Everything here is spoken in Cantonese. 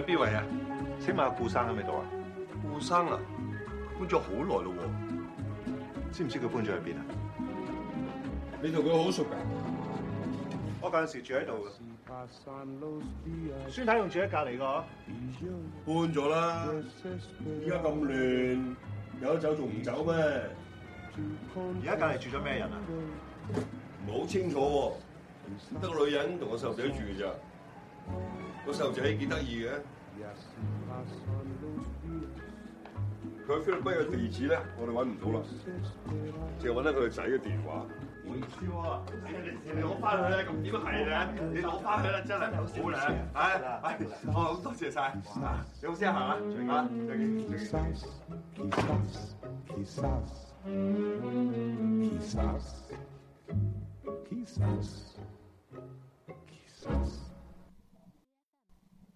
喺邊位啊？請問阿顧生喺咪度啊？顧生啊，搬咗好耐咯，知唔知佢搬咗去邊啊？你同佢好熟噶？我有陣時住喺度噶。孫太用住喺隔籬噶？搬咗啦，依家咁亂，有得走仲唔走咩？而家隔籬住咗咩人啊？唔係好清楚，得個女人同我細路仔住咋。個細路仔幾得意嘅，佢菲律賓嘅地址咧，我哋揾唔到啦，淨係揾得佢個仔嘅電話。唔好意思喎，你攞翻佢咧，咁點解係嘅？你攞翻佢啦，真係好啦，係，我好多謝晒！你唔好先行啦，好啦。